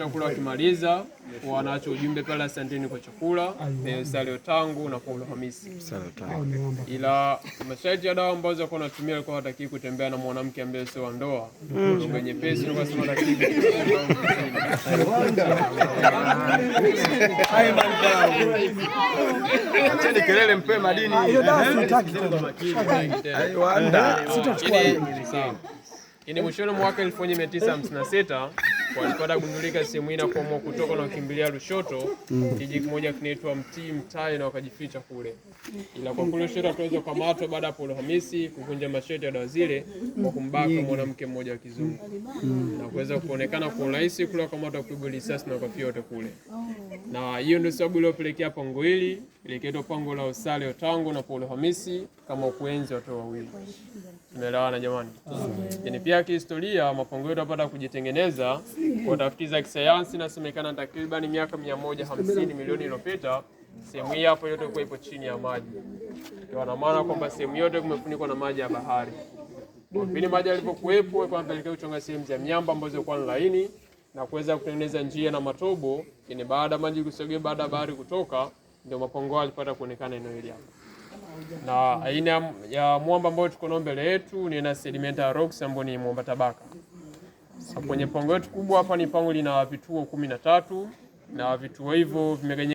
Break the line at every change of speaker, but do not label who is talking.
Tutakula wakimaliza, wanaacha ujumbe pale, asanteni kwa chakula eh, salio tangu na kwa Alhamisi. Ila masharti ya dawa ambazo alikuwa anatumia alikuwa hataki kutembea na mwanamke ambaye sio wa ndoa, mm. kwenye lugha
Acheni kelele mpe madini
ini
eh,
yaani, mwishoni mwaka elfu moja mia tisa hamsini na sita walipata gundulika sehemu hii na kuamua kutoka na kukimbilia Lushoto, kijiji kimoja kinaitwa Mtii Mtai na wakajificha kule. Ila kwa kule Lushoto tuweza kukamatwa baada ya Paul Hamisi kuvunja masheti ya dawa zile kwa kumbaka mwanamke mmoja wa kizungu na kuweza kuonekana kwa urahisi kule, wakamatwa kupigwa risasi na wakafia wote kule, na hiyo ndio sababu iliyopelekea pango hili likaitwa pango la Usale Utango na Paul Hamisi kama kuenzi watu wawili. Tumeelewana jamani? Lakini pia kihistoria, mapango yetu yapata kujitengeneza kwa tafiti za kisayansi, nasemekana takriban miaka 150 milioni iliyopita sehemu hii hapo yote ilikuwa ipo chini ya maji, kwa maana kwamba sehemu yote kumefunikwa na maji ya bahari. Pindi maji yalipokuwepo yanapelekea kuchonga sehemu za miamba ambazo zilikuwa ni laini na kuweza kutengeneza njia na matobo. Lakini baada ya maji kusogea, baada ya bahari kutoka, ndio mapongo yalipata kuonekana eneo hili hapa na aina ya mwamba ambayo tuko nao mbele yetu ni na sedimenta rocks ambao ni mwamba tabaka. Kwenye pango yetu kubwa hapa, ni pango lina vituo kumi na tatu na vituo hivyo vimegawanyika